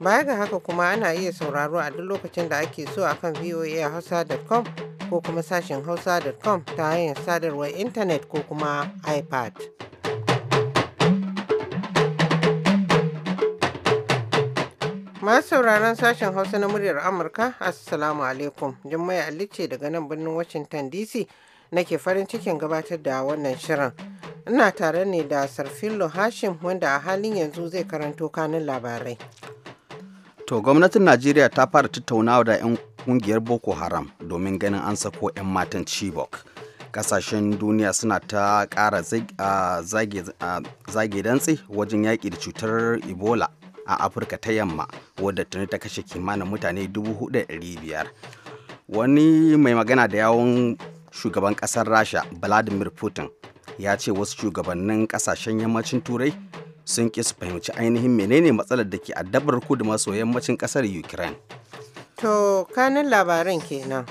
Baya ga haka kuma ana iya sauraro a duk lokacin da ake so a kan voahausa.com ko kuma sashen hausa.com ta hanyar sadarwar intanet ko kuma iPad. Masu sauraron sashen Hausa na muryar Amurka, Assalamu alaikum. Jummai alli ce daga nan birnin Washington DC nake farin cikin gabatar da wannan shirin. Ina tare ne da Sarfillo Hashim wanda a halin yanzu zai karanto kanin labarai. To gwamnatin Najeriya ta fara tattaunawa da 'yan kungiyar Boko Haram domin ganin an sako 'yan matan Chibok. Kasashen duniya suna ta kara zage dantse wajen yaƙi da cutar Ebola a Afirka ta yamma wadda tuni ta kashe kimanin mutane 4,500. Wani mai magana da yawon shugaban ƙasar Rasha Vladimir Putin ya ce wasu shugabannin ƙasashen yammacin Turai sun ƙi su fahimci ainihin menene matsalar da ke addabar kudu maso yammacin ƙasar ukraine to kanin labaran kenan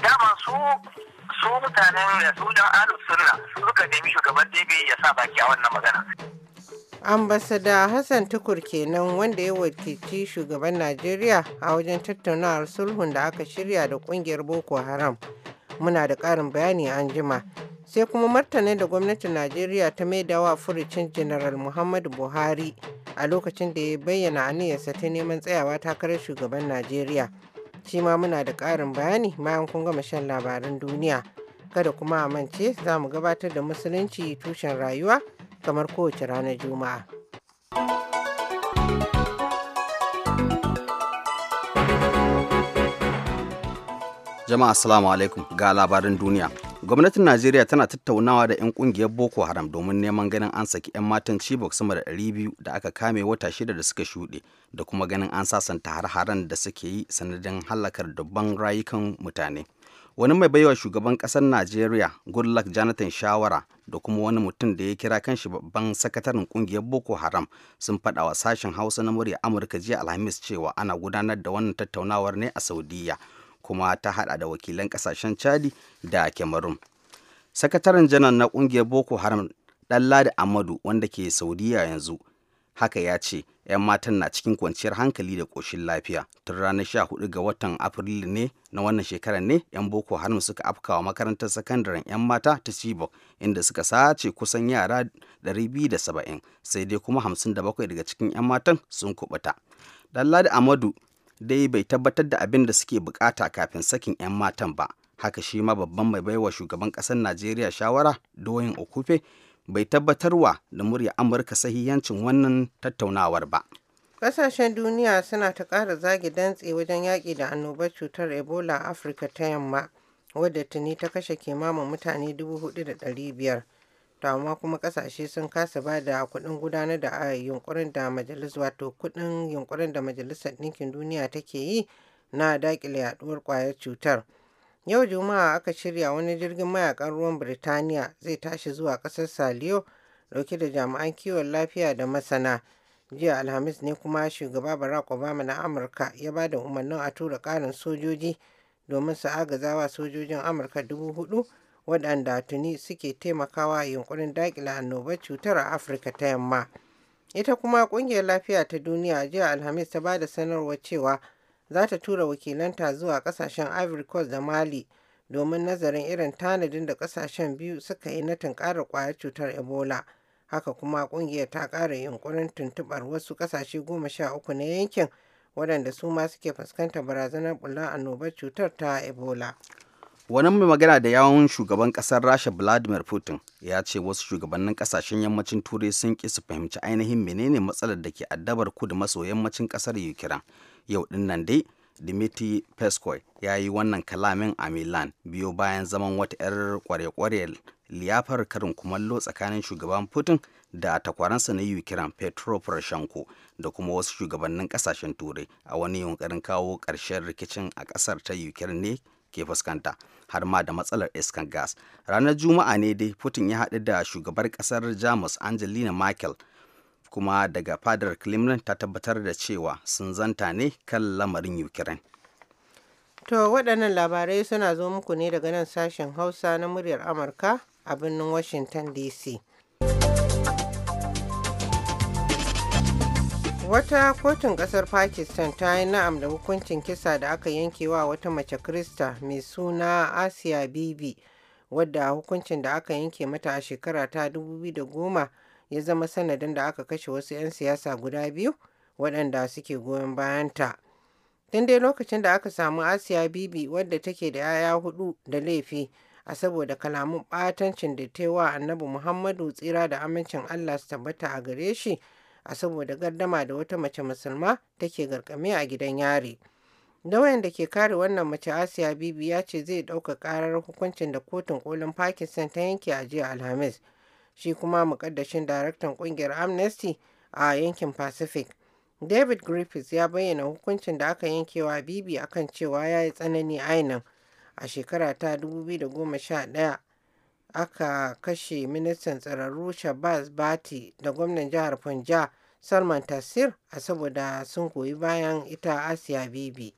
dama su su mutanen da su dan alu sunna suka nemi shugaban dibi ya sa baki a wannan magana ambasada hassan tukur kenan wanda ya wakilci shugaban najeriya a wajen tattaunawar sulhun da aka shirya da kungiyar boko haram muna da ƙarin bayani an jima sai kuma martana da gwamnatin najeriya ta maidawa furucin general muhammadu buhari a lokacin da ya bayyana aniyarsa ta neman tsayawa takarar shugaban najeriya shi ma muna da ƙarin bayani bayan kun gama shan labaran duniya kada kuma a mance za mu gabatar da musulunci tushen rayuwa kamar kowace ranar juma'a jama'a Salamu alaikum ga Labarin duniya gwamnatin najeriya tana tattaunawa da 'yan kungiyar boko haram domin neman ganin an saki 'yan matan chibok sama da 200 da aka kame wata shida da suka shuɗe da kuma ganin an sasanta har-haren da suke yi sanadin halakar dubban rayukan mutane wani mai baiwa shugaban ƙasar najeriya goodluck jonathan shawara da kuma wani mutum da ya kira kanshi babban sakataren kungiyar boko haram sun faɗa wa sashen hausa na murya amurka jiya alhamis cewa ana gudanar da wannan tattaunawar ne a saudiya kuma ta hada da wakilan kasashen chadi da cameroon sakataren janar na kungiyar boko haram ɗanladi amadu wanda ke saudiya yanzu haka ya ce 'yan matan na cikin kwanciyar hankali da koshin lafiya tun ranar sha hudu ga watan afrilu ne na wannan shekarar ne 'yan boko haram suka afkawa makarantar sakandaren 'yan mata ta chibok inda suka sace kusan yara 270 sai dai kuma 57 daga cikin 'yan matan sun kubuta ɗanladi amadu dai bai tabbatar da abin da suke bukata kafin sakin 'yan matan ba haka shi ma babban mai baiwa shugaban ƙasar najeriya shawara doyin okufe bai tabbatarwa da murya amurka sahihancin wannan tattaunawar ba kasashen duniya suna ta kara zagi dantse wajen yaƙi da annobar cutar Ebola a Afirka ta yamma, wadda tuni ta kashe kimanin mutane 4,500. to kuma kasashe sun kasa ba da kuɗin gudanar da ah, yunkurin da majalis wato kuɗin yunkurin da majalisar ɗinkin duniya take yi na daƙile yaɗuwar ƙwayar cutar yau juma'a aka shirya wani jirgin mayakan ruwan birtaniya zai tashi zuwa ƙasar saliyo dauke da jami'an kiwon lafiya da masana jiya alhamis ne kuma shugaba barack obama na amurka ya ba da umarnin a tura ƙarin sojoji domin su agazawa sojojin amurka dubu hudu waɗanda tuni suke taimakawa a yunkurin daƙila annobar cutar a afirka ta yamma ita kuma ƙungiyar lafiya ta duniya jiya alhamis ta ba da sanarwar cewa za ta tura wakilanta zuwa ƙasashen ivory coast da mali domin nazarin irin tanadin da ƙasashen biyu suka yi na tunkara ƙwayar cutar ebola haka kuma ƙungiyar ta ƙara yunkurin tuntuɓar wasu ƙasashe goma sha uku na yankin waɗanda su ma suke fuskantar barazanar bulla annobar cutar ta ebola wani mai magana da yawon shugaban kasar rasha vladimir putin ya ce wasu shugabannin kasashen yammacin turai sun ki su fahimci ainihin menene matsalar da ke addabar kudu maso yammacin kasar ukraine yau din nan dai dimitri peskoy ya yi wannan kalamin a milan biyo bayan zaman wata 'yar kware-kware liyafar karin kumallo tsakanin shugaban putin da takwaransa na ukraine petro poroshenko da kuma wasu shugabannin kasashen turai a wani yunkurin kawo ƙarshen rikicin a ƙasar ta ukraine ne ke fuskanta har ma da matsalar iskan gas ranar juma'a ne dai putin ya haɗu da shugabar ƙasar jamus angelina merkel kuma daga fadar kremlin ta tabbatar da cewa sun zanta ne kan lamarin ukraine to waɗannan labarai suna zo muku ne daga nan sashen hausa na muryar amurka a birnin washington dc Wata kotun kasar Pakistan ta yi na'am da hukuncin kisa da aka yankewa wata mace Krista mai suna Asiya Bibi, wadda hukuncin da aka yanke mata a shekara ta 2010 ya zama sanadin da aka kashe wasu 'yan siyasa guda biyu waɗanda suke goyon bayanta. Tun dai lokacin da aka samu Asiya Bibi wadda take da 'ya'ya hudu da laifi a saboda kalamun ɓatancin da ta Annabi Muhammadu tsira da amincin Allah su tabbata a gare shi. a saboda gardama da wata mace musulma take garkame a gidan yari. Lauyan da ke kare wannan mace Asiya Bibi ya ce zai ɗauka ƙarar hukuncin da kotun kolin Pakistan ta yanke a jiya Alhamis. Shi kuma mukaddashin daraktan ƙungiyar Amnesty a yankin Pacific. David Griffiths ya bayyana hukuncin da aka yankewa Bibi akan cewa ya yi tsanani ainihin a shekara ta 2011 aka kashe ministan tsararru shabazz bati da gwamnan jihar punjab salman tasir a saboda sun goyi bayan ita asiya bibi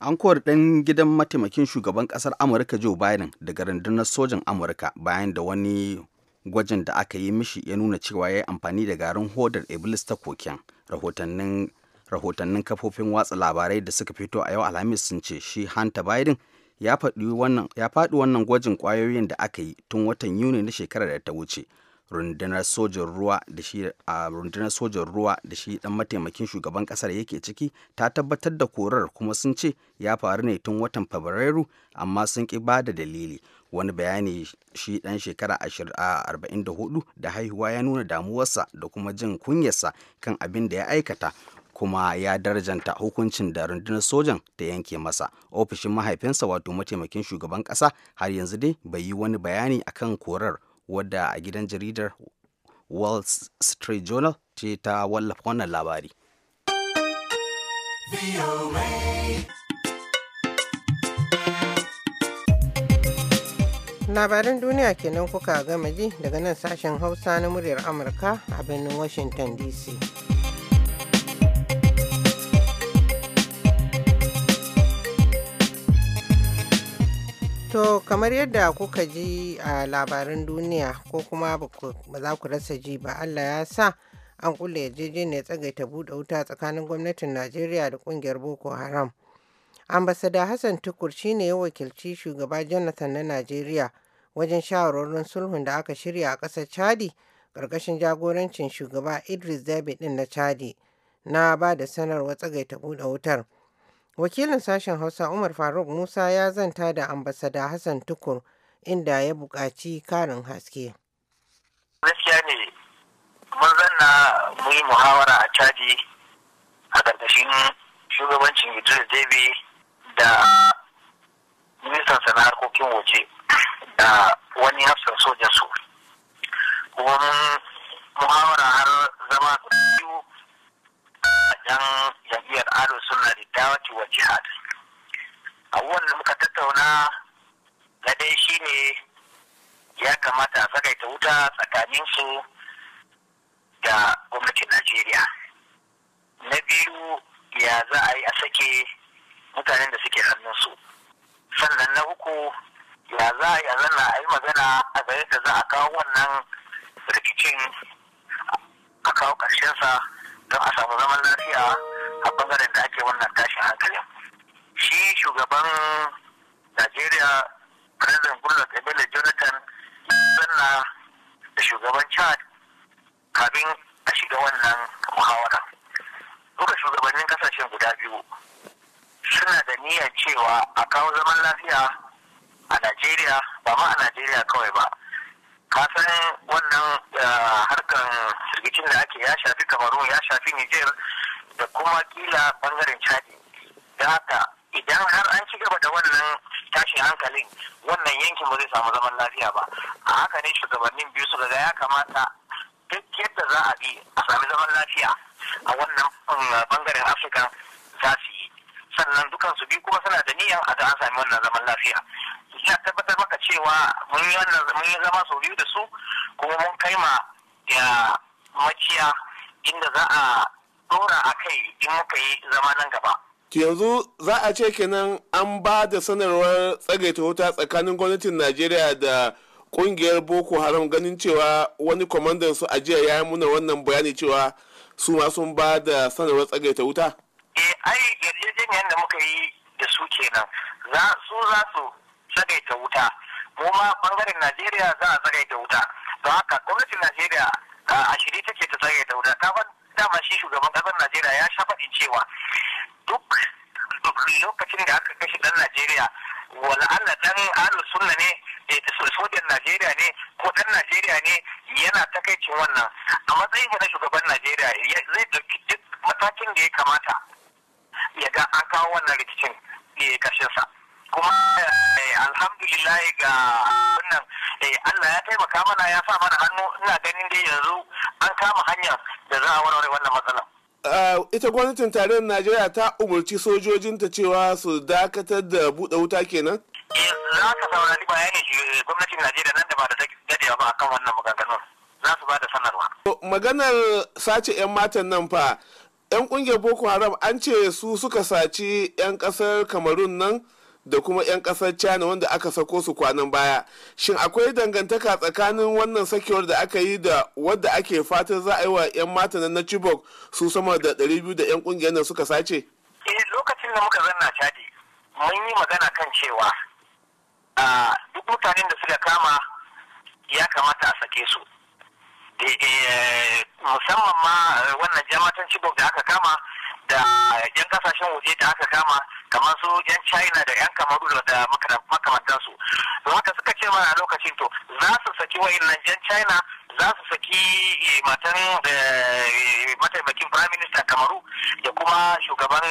an kori ɗan gidan mataimakin shugaban ƙasar amurka joe biden daga rundunar sojan amurka bayan da wani gwajin da aka yi mishi ya nuna cewa ya yi amfani da garin hodar iblis ta koken rahotannin kafofin watsa labarai da suka fito a yau alhamis sun ce shi hanta biden ya faɗi wannan gwajin kwayoyin da aka yi tun watan yuni na shekarar da ta wuce rundunar sojan rundunar sojan ruwa da shi dan mataimakin shugaban kasar yake ciki ta tabbatar da korar kuma sun ce ya faru ne tun watan fabrairu amma sun ki ba da dalili wani bayani shi dan shekara 44 da haihuwa ya nuna damuwarsa da kuma jin kunyarsa kan abin da ya aikata kuma ya darajanta hukuncin da rundunar sojan ta yanke masa ofishin mahaifinsa wato mataimakin shugaban kasa har yanzu dai bai yi wani bayani akan korar wadda a gidan jaridar wall street journal ce ta wallafa wannan labari labaran duniya kenan kuka gama ji daga nan sashen hausa na muryar amurka a birnin washington dc To kamar yadda kuka ji a labarin duniya ko kuma ba za ku rasa ji ba Allah ya sa an kula yarjejeniyar tsagaita buɗe wuta tsakanin gwamnatin Najeriya da ƙungiyar Boko Haram. Ambasada Hassan Tukur shine ya wakilci shugaba Jonathan na Najeriya wajen shawarwarin sulhun da aka shirya a ƙasar Chadi ƙarƙashin jagorancin shugaba Idris dabi ɗin na Chadi na ba da sanarwa tsagaita buɗe wutar. Wakilin sashen Hausa Umar Faruk Musa ya zanta da ambasada Hassan Tukur inda ya buƙaci karin haske. Gaskiya ne mun zanna mu yi muhawara a caji a ƙarƙashin shugabancin Idris debi da ministan sana harkokin waje da wani hafsan sojansu su. Kuma muhawara har zama biyu dan jam'iyyar ado suna da dawati wa jihad abubuwan da muka tattauna na dai shine ya kamata a tsagaita wuta tsakanin su da gwamnatin najeriya na biyu ya za a yi a sake mutanen da suke hannunsu sannan na uku ya za a yi a zana a yi magana a ga yadda za a kawo wannan rikicin a kawo ƙarshensa don a samu zaman lafiya a bangaren da ake wannan tashin hankalin shi shugaban najeriya president goodluck emile jonathan zanna da shugaban chad kafin a shiga wannan muhawara duka shugabannin kasashen guda biyu suna da niyyar cewa a kawo zaman lafiya a najeriya ba ma a najeriya kawai ba ka wannan eh, harkan sirgicin da ake ya shafi kamaru ya shafi niger da kuma kila bangaren chadi da haka idan har an ci gaba da wannan tashin hankalin wannan yankin ba zai samu zaman lafiya ba a haka ne shugabannin biyu su ga ya kamata duk yadda za a bi a sami zaman lafiya a wannan eh, bangaren afirka za su sannan dukansu su biyu kuma suna da niyan a an sami wannan zaman lafiya ina tabbatar maka cewa mun yi wannan mun yi zama sau biyu da su kuma mun kai ma ya maciya inda za a dora a kai in muka yi zama nan gaba yanzu za a ce kenan an ba da sanarwar tsagaita wuta tsakanin gwamnatin najeriya da kungiyar boko haram ganin cewa wani kwamandan su a jiya ya yi muna wannan bayani cewa su ma sun ba da sanarwar tsagaita wuta eh ai yarjejeniyar da muka yi da su kenan za su za su tsagaita wuta mu ma bangaren najeriya za a tsagaita wuta don haka gwamnatin najeriya a shiri take ta tsagaita wuta ban dama shi shugaban kasar najeriya ya sha faɗin cewa duk lokacin da aka kashe ɗan najeriya wala'alla dan alu sunna ne eh, sojan najeriya ne ko dan najeriya ne yana takaicin wannan a matsayin na shugaban najeriya zai ɗauki duk matakin da ya kamata ya ga an kawo wannan rikicin ne sa kuma eh, alhamdulillah ga wannan eh, Allah ya taimaka mana ya sa mana hannu ina ganin dai yanzu an kama hanya da za a warware wannan matsalar ah, ita gwamnatin tarayyar Najeriya ta umarci sojojinta cewa su dakatar da buɗe wuta kenan? Eh, za ka saurari bayanin gwamnatin Najeriya nan da ba da dadewa ba akan wannan maganganun za su ba da sanarwa. Maganar sace 'yan matan nan fa 'yan kungiyar boko haram an ce su suka saci 'yan kasar kamarun nan da kuma 'yan kasar china wanda aka sako su kwanan baya shin akwai dangantaka tsakanin wannan sakewar da aka yi da wadda ake fatan za a yi wa 'yan mata na chibok su sama da 200 da 'yan kungiyar nan suka sace eh, lokacin da muka zanna chadi mun yi magana kan cewa ah, duk mutanen da suka kama ya kamata a sake su Eh, musamman ma eh, wannan jama'atan cibok da aka kama da yan kasashen waje da aka kama kamar su yan china da yan kamaru da makamantansu haka suka ce mana lokacin to za su saki nan yan china za su saki eh, matan mataimakin prime minister kamaru da kuma shugaban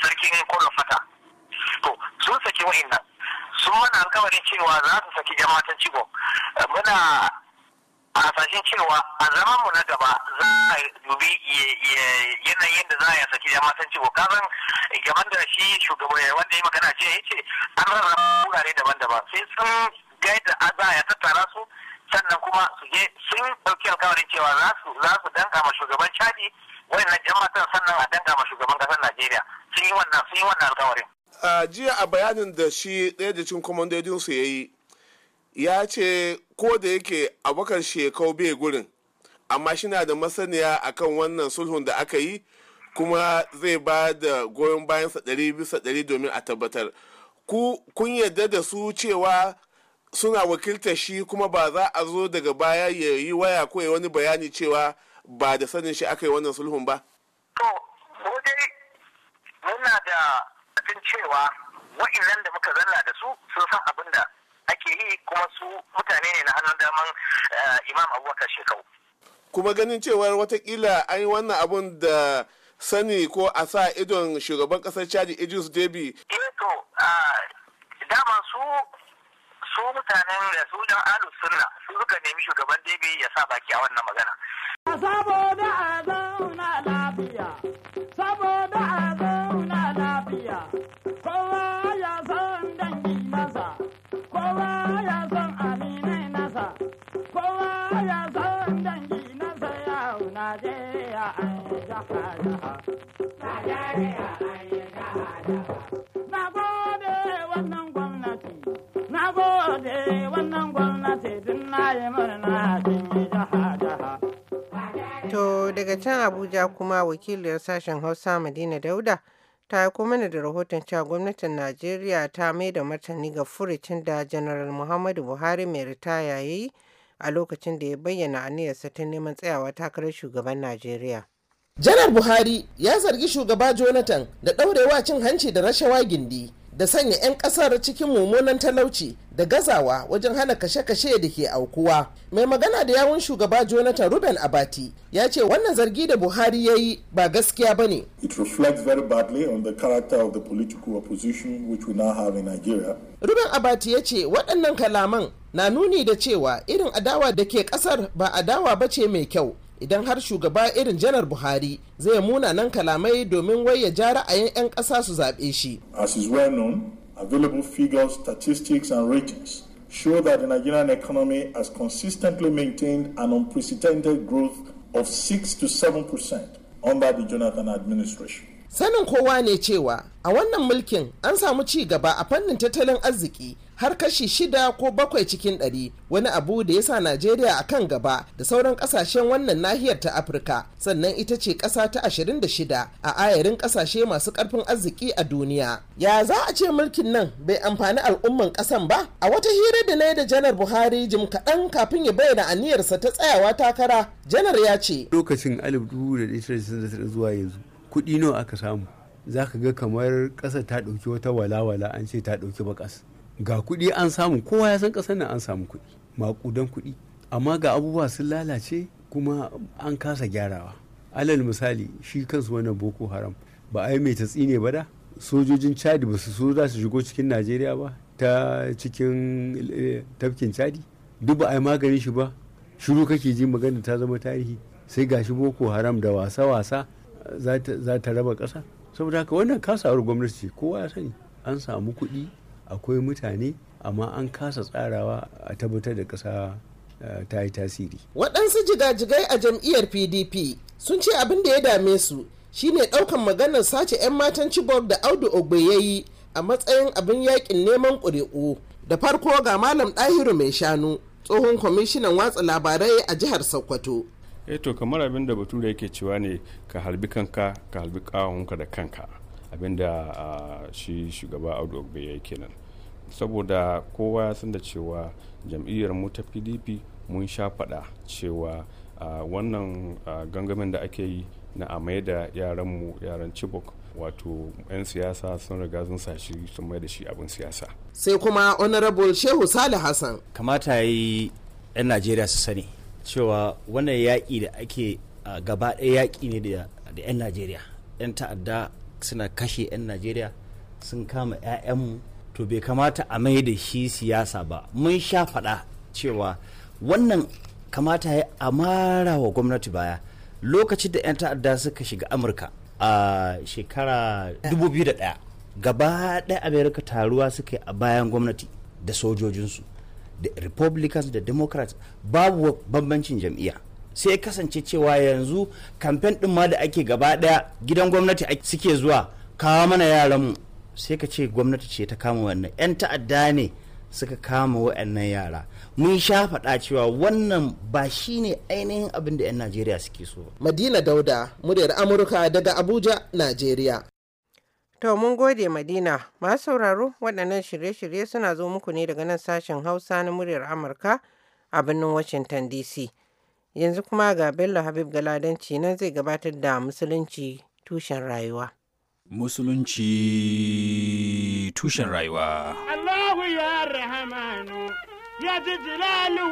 sarkin fata to sun saki nan sun mana alkawarin cewa za su saki jama'atan cibok muna a hasashen cewa a zaman mu na gaba za a dubi yanayin da za a saki ya matan ciwo kazan gaban da shi shugaban wanda ya magana ce ya ce an rarraba wurare daban-daban sai sun gaida za ya tattara su sannan kuma su je sun ɗauki alkawarin cewa za su za su danka ma shugaban chadi na yan matan sannan a danka ma shugaban ƙasar najeriya sun yi wannan sun yi wannan alkawarin. jiya a bayanin da shi ɗaya da cikin kwamandodin ya yi ya ce ko da yake abokan shekau bai gurin amma shi na da masaniya akan wannan sulhun da aka yi kuma zai ba da goyon bayan ɗari bisa ɗari domin a tabbatar ku kun yadda da su cewa suna wakiltar shi kuma ba za a zo daga baya ya yi waya ko ya wani bayani cewa ba da sanin shi aka yi wannan sulhun ba to dai muna da abin cewa wa'inan da muka zanna da su sun san abin da ake yi kuma su mutane ne na hannun daman eh, imam abubakar shekau kuma ganin cewar watakila an yi wannan abun da sani ko a sa idon shugaban kasar chadi idris debi eh to dama su su mutanen da su dan alu sunna su suka nemi shugaban debi ya sa baki a wannan magana To daga can Abuja kuma wakiliyar sashen Hausa Madina Dauda ta yi mana da rahoton cewa gwamnatin Najeriya ta mai da martani ga furucin da Janaral Muhammadu Buhari mai ritaya ya yi a lokacin da ya bayyana aniyarsa ta neman tsayawa takarar shugaban Najeriya. janar buhari ya zargi shugaba jonathan da ɗaurewa cin hanci da rashawa gindi da sanya 'yan kasar cikin mummunan talauci da gazawa wajen hana kashe-kashe da ke aukuwa mai magana da yawun shugaba jonathan ruben abati ya ce wannan zargi da buhari ya yi ba gaskiya ba ne ruben abati ya ce waɗannan kalaman na nuni da cewa irin adawa da ke ƙasar ba adawa ba ce mai kyau idan har shugaba irin janar buhari zai munanan kalamai domin wai ya ja ra'ayin 'yan ƙasa su zaɓe shi as is well known available figures statistics and ratings show that the nigerian economy has consistently maintained an unprecedented growth of 6 to 7 percent under the jonathan administration sanin kowa ne cewa a wannan mulkin an samu ci gaba a fannin tattalin arziki har kashi shida ko bakwai cikin ɗari wani abu da ya sa najeriya a kan gaba da sauran ƙasashen wannan nahiyar ta afirka sannan ita ce ƙasa ta 26 a ayarin ƙasashe masu ƙarfin arziki a duniya ya za a ce mulkin nan bai amfani al'umman ƙasan ba a wata hira da na yi da janar buhari jim kaɗan kafin ya bayyana aniyarsa ta tsayawa takara janar ya ce lokacin 1999 zuwa yanzu kuɗi nawa aka samu za ka ga kamar ƙasa ta ɗauki wata walawala an ce ta ɗauki bakas ga kuɗi an samu kowa ya san ƙasar nan an samu kuɗi maƙudan kuɗi amma ga abubuwa sun lalace kuma an kasa gyarawa alal misali shi kansu wannan boko haram ba a yi mai ta tsine ba da sojojin chadi ba su so za su shigo cikin najeriya ba ta cikin eh, tafkin chadi duk ba a yi maganin shi ba shiru kake ji magana ta zama tarihi sai ga shi boko haram da wasa-wasa za ta raba ƙasa saboda haka wannan kasawar gwamnati kowa ya sani an samu kuɗi akwai mutane amma an kasa tsarawa a tabbatar da kasa eh, ta yi tasiri waɗansu jigajigai a jam'iyyar pdp sun ce abin da ya dame su shine ɗaukan maganar sace 'yan matan cibok da audu ogbe ya yi a matsayin abin yakin neman ƙuri'u da farko ga malam ɗahiru mai shanu tsohon kwamishinan watsa labarai a jihar sokoto eto eh to kamar abin da bature yake cewa ne ka halbi kanka ka halbi kawunka da kanka abin da ah, shi shugaba audu ogbe ya kenan saboda kowa ya san da cewa jam'iyyar mu ta pdp mun sha faɗa cewa wannan gangamin da ake yi na amai da yaranmu yaran chibok wato 'yan siyasa sun riga sun sashi sun mai da shi abin siyasa sai kuma honorable shehu salih hassan kamata ya yi 'yan najeriya su sani cewa wannan yaƙi da ake gaba ɗaya yaƙi ne da 'yan najeriya 'yan ta'adda suna kashe 'yan najeriya sun kama 'ya'yanmu to bai kamata a mai da shi siyasa ba mun sha faɗa cewa wannan kamata ya amara wa gwamnati baya lokacin da 'yan ta'adda suka shiga amurka a shekara 2001 gaba ɗaya amerika taruwa suka yi a bayan gwamnati da sojojinsu da republicans da democrats babu bambancin jam'iyya sai kasance cewa yanzu kamfen ɗin ma da ake gaba ɗaya gidan gwamnati suke zuwa kawo mana yaranmu sai ka ce gwamnati ce ta kama wannan 'yan ta'adda ne suka kama wa'annan yara mun sha faɗa cewa wannan ba shi ne ainihin abin da 'yan najeriya suke so madina dauda muryar amurka daga abuja najeriya to mun gode madina masu sauraro waɗannan shirye-shirye suna zo muku ne daga nan sashen hausa na muryar amurka a birnin washington dc yanzu kuma ga bello habib galadanci nan zai gabatar da musulunci tushen rayuwa Musulunci tushen rayuwa. Allahu ya rahamanu ya ji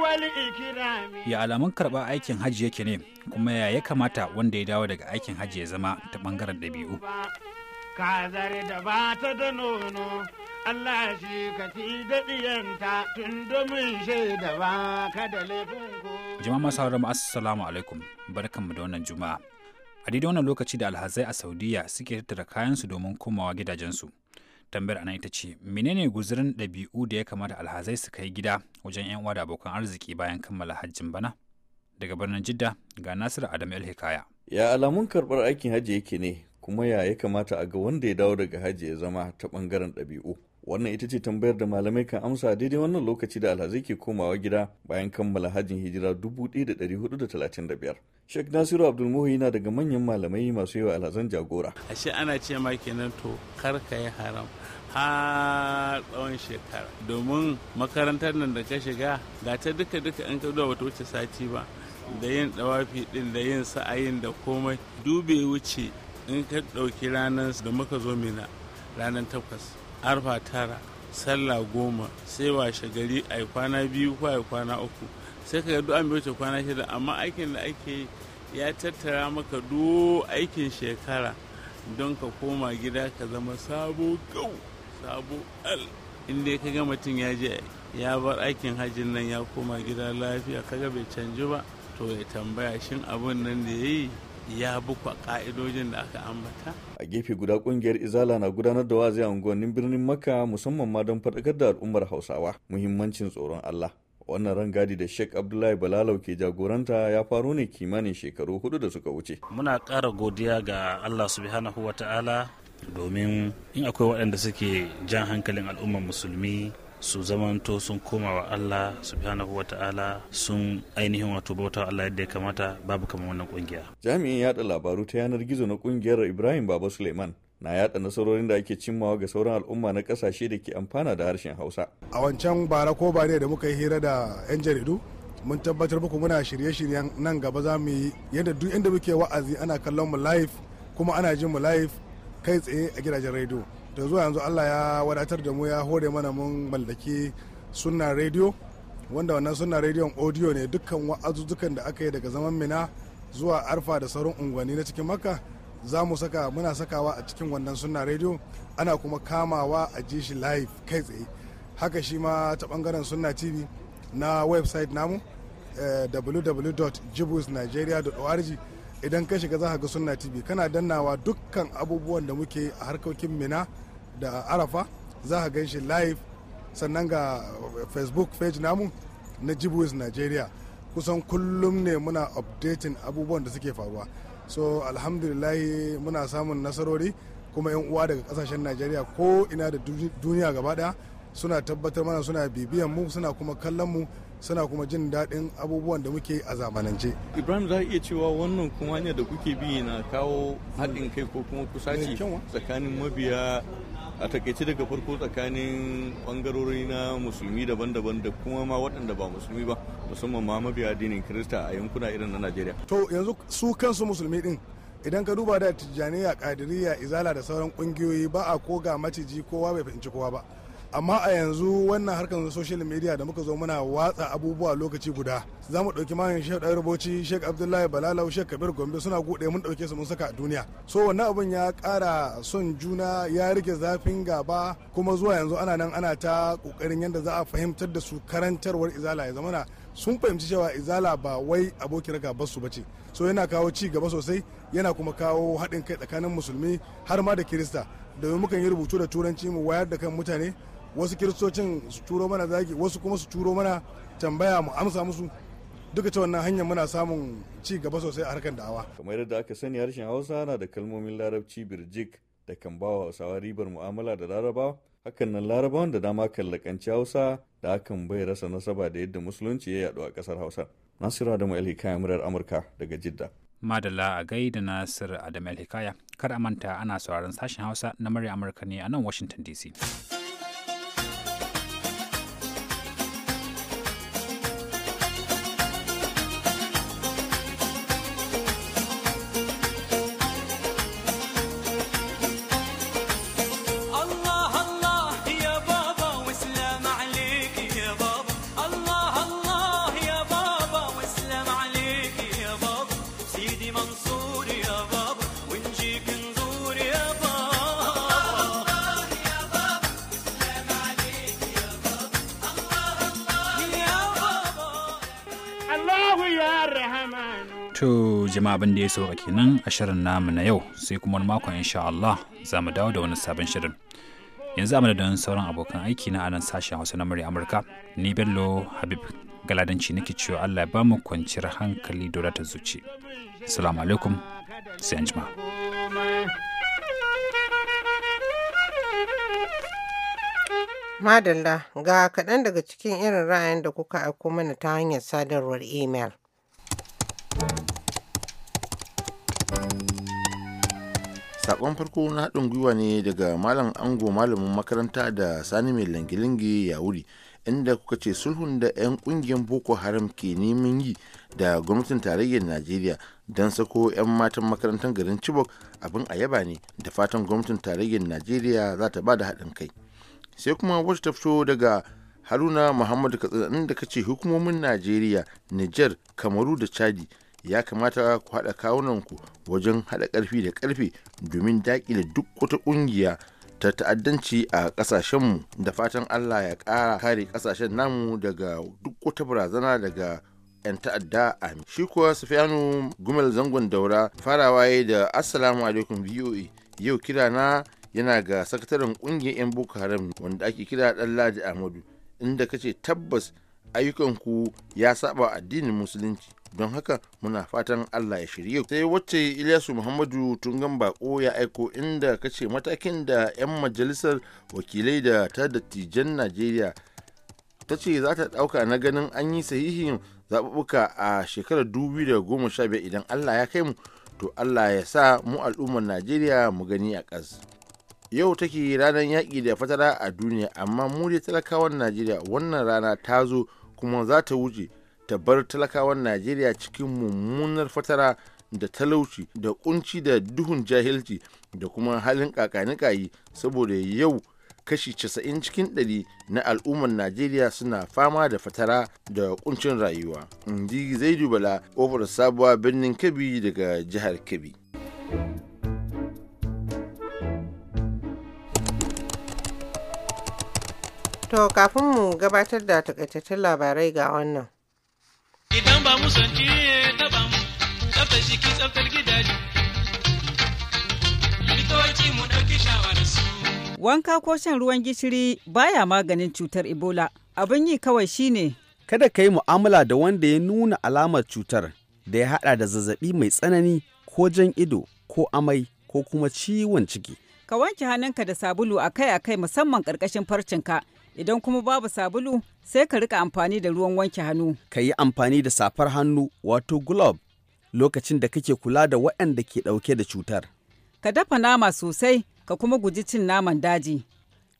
wal ikirami. Ya alamun karɓa aikin hajji yake ne kuma ya ya kamata wanda ya dawo daga aikin hajji ya zama ta ɓangaren ɗabi'u. Ka zare da ba ta da nono, Allah shi ka fi ɗiyanta tun domin shaida ba ka da laifin ko. Jama'a masu assalamu alaikum, barkanmu da wannan juma'a. a daidai wannan lokaci da alhazai a saudiya suke tattara kayansu domin komawa gidajensu tambayar anan ita ce menene guzurin ɗabi'u da ya kamata alhazai su kai gida wajen yan uwa da abokan arziki bayan kammala hajjin bana daga birnin jidda ga nasiru adamu el hikaya ya alamun karɓar aikin hajji yake ne kuma ya ya kamata a ga wanda ya dawo daga hajji ya zama ta ɓangaren ɗabi'u wannan ita ce tambayar da malamai kan amsa daidai wannan lokaci da alhazai ke komawa gida bayan kammala hajjin hijira 1435 Sheikh Nasiru Abdulmuhi na daga manyan malamai masu yawa alhazan jagora. Ashe ana ce ma kenan to kar ka yi haram har tsawon shekara domin makarantar nan da ka shiga ga ta duka duka an ka zuwa bata wuce sati ba da yin dawafi din da yin sa'ayin da komai dube wuce in ka ɗauki ranar da muka zo mina ranar takwas arfa tara sallah goma sai washe gari a kwana biyu ko a kwana uku sai ka gado an wuce kwana shida amma aikin da ake ya tattara maka duk aikin shekara don ka koma gida ka zama sabo gau sabo al inda ka ga mutum ya je ya bar aikin hajjin nan ya koma gida lafiya kaga bai canji ba to ya tambaya shin abun nan da ya yi ya bukwa ka'idojin da aka ambata. A gefe guda kungiyar Izala na gudanar da wazi a unguwannin birnin Makka musamman ma don faɗakar da al'ummar Hausawa muhimmancin tsoron Allah. Wannan rangadi da Sheikh Abdullahi Balalau ke jagoranta ya faro ne kimanin shekaru hudu da suka wuce. Muna ƙara godiya ga Allah subhanahu wa ta'ala domin in akwai waɗanda suke jan hankalin al'ummar musulmi su zamanto sun koma wa Allah subhanahu wa ta'ala sun ainihin wato bauta Allah yadda ya kamata babu kamar wannan kungiya. Jami'in yada labaru ta yanar gizo na kungiyar Ibrahim Baba Suleiman na yada nasarorin da ake cimmawa ga sauran al'umma na kasashe da ke amfana da harshen Hausa. A wancan bara ko ne da muka yi hira da 'yan jaridu mun tabbatar muku muna shirye-shiryen nan gaba za mu yi yadda duk inda muke wa'azi ana kallon mu live kuma ana jin mu live kai tsaye a gidajen rediyo da zuwa yanzu allah ya wadatar da mu ya hore mana mun mallaki sunna rediyo wanda wannan sunna rediyon audio ne dukkan wa'azuzzukan da aka yi daga zaman mina zuwa arfa da sauran unguwanni na cikin makka za mu saka muna sakawa a cikin wannan sunna rediyo ana kuma kamawa a ji shi live kai tsaye haka shi ma ta bangaren sunna tv na website namu eh, www.jibusnigeria.org idan ka shiga za ka ga sunna tv kana dannawa dukkan abubuwan da muke a harkokin mina da arafa za ka gan shi live sannan ga facebook page namu na jibus nigeria kusan kullum ne muna updating abubuwan da suke faruwa so alhamdulillahi muna samun nasarori kuma 'yan uwa daga kasashen nigeria ko ina da duniya gaba daya suna tabbatar mana suna bibiyan mu suna kuma kallon mu suna kuma jin daɗin abubuwan da muke a zamanance. Ibrahim za a iya cewa wannan kuma hanyar da kuke bi na kawo haɗin kai ko kuma kusaci eh, tsakanin mabiya a takaice daga farko tsakanin bangarori na musulmi daban-daban da kuma ma waɗanda ba musulmi ba musamman ma mabiya addinin kirista a yankuna irin na Najeriya. To yanzu su kansu musulmi din idan ka duba da tijjaniya kadiriya izala da sauran kungiyoyi ba a koga maciji kowa bai fahimci kowa ba amma a yanzu wannan harkar social media da muka zo muna watsa abubuwa lokaci guda za mu ɗauki mahin shek ɗan rubuci shek abdullahi balalau shek kabir gombe suna gude mun ɗauke su mun saka a duniya so wannan abin ya kara son juna ya rike zafin gaba kuma zuwa yanzu ana nan ana ta ƙoƙarin yadda za a fahimtar da su karantarwar izala ya zamana sun fahimci cewa izala ba wai abokin gabar ba ce so yana kawo ci gaba sosai yana kuma kawo haɗin kai tsakanin musulmi har ma da kirista domin mukan yi rubutu da turanci mu wayar da kan mutane wasu kiristocin su turo mana zagi wasu kuma su turo mana tambaya mu amsa musu duka ta wannan hanyar muna samun ci gaba sosai a harkar da'awa kamar yadda aka sani harshen hausa na da kalmomin larabci birjik da kan ba wa hausawa ribar mu'amala da laraba hakan nan larabawan da dama kan lakanci hausa da hakan bai rasa nasaba da yadda musulunci ya yadu a kasar hausa nasiru adamu alhikaya murar amurka daga jidda madalla a gaida nasiru adamu alhikaya kar a manta ana sauraron sashen hausa na murya amurka ne a nan washington dc To jama'a abin da ya sauka kenan a shirin namu na yau sai kuma wani makon insha Allah za mu dawo da wani sabon shirin. Yanzu amma don sauran abokan aiki na anan sashen Hausa na murya Amurka, ni Bello Habib Galadanci nake cewa Allah ba mu kwanciyar hankali da ta zuci. Salamu alaikum, sai an jima. Madalla ga kaɗan daga cikin irin ra'ayin da kuka aiko mana ta hanyar sadarwar imel. sakon farko na haɗin gwiwa ne daga malam ango malamin makaranta da sani mai langilingi ya wuri inda kuka ce sulhun da 'yan ƙungiyar boko haram ke neman yi da gwamnatin tarayyar najeriya don sako 'yan matan makarantar garin chibok abin a yaba ne da fatan gwamnatin tarayyar najeriya za ta ba da haɗin kai sai kuma wata ta fito daga haruna muhammadu katsina inda ka ce hukumomin najeriya niger kamaru da chadi ya kamata ku haɗa kawunanku wajen haɗa ƙarfi da ƙarfe domin daƙile duk wata ƙungiya ta ta'addanci a ƙasashenmu da fatan allah ya ƙara kare ƙasashen namu daga duk wata barazana daga 'yan ta'adda a shi kuwa sufiyanu gumel zangon daura farawa da assalamu alaikum voa yau kira na yana ga sakataren ƙungiyar 'yan boko haram wanda ake kira ɗan ladi ahmadu inda kace tabbas ayyukanku ya saba addinin musulunci don haka muna fatan allah ya shirye sai wacce ilyasu muhammadu tungan bako ya aiko inda kace matakin da 'yan majalisar wakilai da ta dattijan najeriya ta ce za ta ɗauka na ganin an yi sahihin zaɓuɓɓuka a shekarar 2015 idan allah ya kai mu to allah ya sa mu al'ummar najeriya mu gani a ƙas yau take ranar yaƙi da fatara a duniya amma mu da talakawan najeriya wannan rana ta zo kuma za ta wuce ta bar talakawan najeriya cikin mummunar fatara da talauci da kunci da duhun jahilci da kuma halin kakanikayi saboda yau kashi 90 cikin 100 na al'ummar najeriya suna fama da fatara da kuncin rayuwa inji zai dubala ofar sabuwa birnin kebi daga jihar kebi. to kafin mu gabatar da takaitattun labarai ga wannan idan ba mu son ta ba mu tsaftar jiki tsaftar gidaje likitoci mu ɗauki shawarar su wanka ko shan ruwan gishiri baya maganin cutar ebola abin yi kawai shine kada ka yi mu'amala da wanda ya nuna alamar cutar da ya haɗa da zazzabi mai tsanani ko jan ido ko amai ko kuma ciwon ciki ka wanke hannunka da sabulu akai-akai musamman ƙarƙashin farcinka Idan kuma babu sabulu sai ka rika amfani da ruwan wanke hannu. Ka yi amfani da safar hannu wato glove lokacin da kake kula da waɗanda ke ɗauke da cutar. Ka dafa nama sosai ka kuma guji cin naman daji.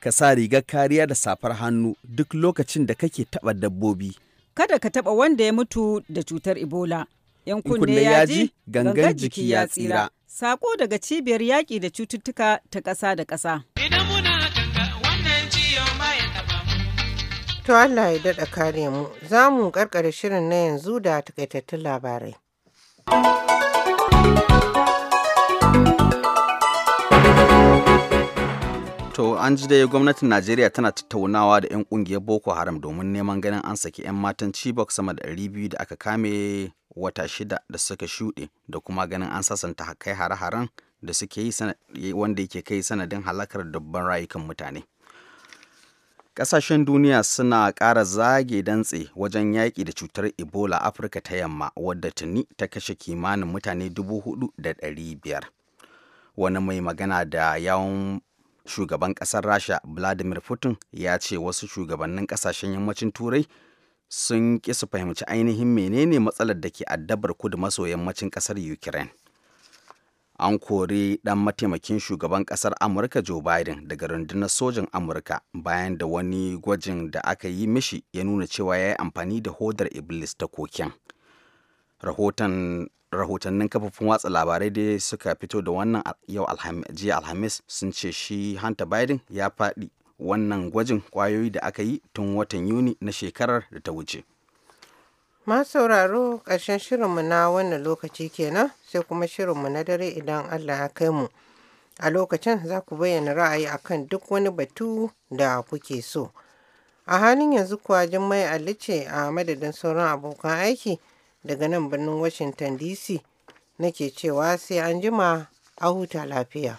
Ka sa rigar kariya da safar hannu duk lokacin da kake taɓa dabbobi. Kada ka taɓa wanda ya mutu da cutar Ebola. In kunne ya ji, gangan jiki ya tsira. Sako daga cibiyar yaƙi da cututtuka ta ƙasa da ƙasa. Idan muna To Allah ya daɗa kare mu, za mu ƙarƙare shirin na yanzu da takaitattun labarai. To an ji dai gwamnatin Najeriya tana tattaunawa da 'yan ƙungiyar Boko Haram domin neman ganin an saki 'yan matan Chibok sama da biyu da aka kame wata shida da suka shuɗe da kuma ganin an sasanta kai hare-haren da suke yi wanda yake kai sanadin halakar dubban rayukan mutane. Ƙasashen duniya suna ƙara zage dantse wajen yaƙi da cutar Ebola Afirka ta yamma wadda tuni ta kashe kimanin mutane dubu hudu da ɗari biyar. Wani mai magana da yawon shugaban ƙasar Rasha Vladimir Putin ya ce wasu shugabannin ƙasashen yammacin Turai sun ƙi su fahimci ainihin menene matsalar da ke addabar kudu maso yammacin ƙasar Ukraine. an kori dan mataimakin shugaban kasar amurka joe biden daga rundunar sojin amurka bayan da wani gwajin da aka yi mishi ya nuna cewa ya yi amfani da hodar iblis ta koken rahotannin kafofin watsa labarai da suka fito da wannan yau jiya alhamis sun ce shi hanta biden ya faɗi wannan gwajin kwayoyi da aka yi tun watan yuni na shekarar da ta wuce Ma sauraro ƙarshen shirinmu na wannan lokaci kenan sai kuma shirinmu na dare idan Allah ya kai mu. A lokacin za ku bayyana ra'ayi a kan duk wani batu da kuke so. A halin yanzu kuwa Jummai alice ce a madadin sauran abokan aiki daga nan birnin Washington DC nake cewa sai an jima a huta lafiya.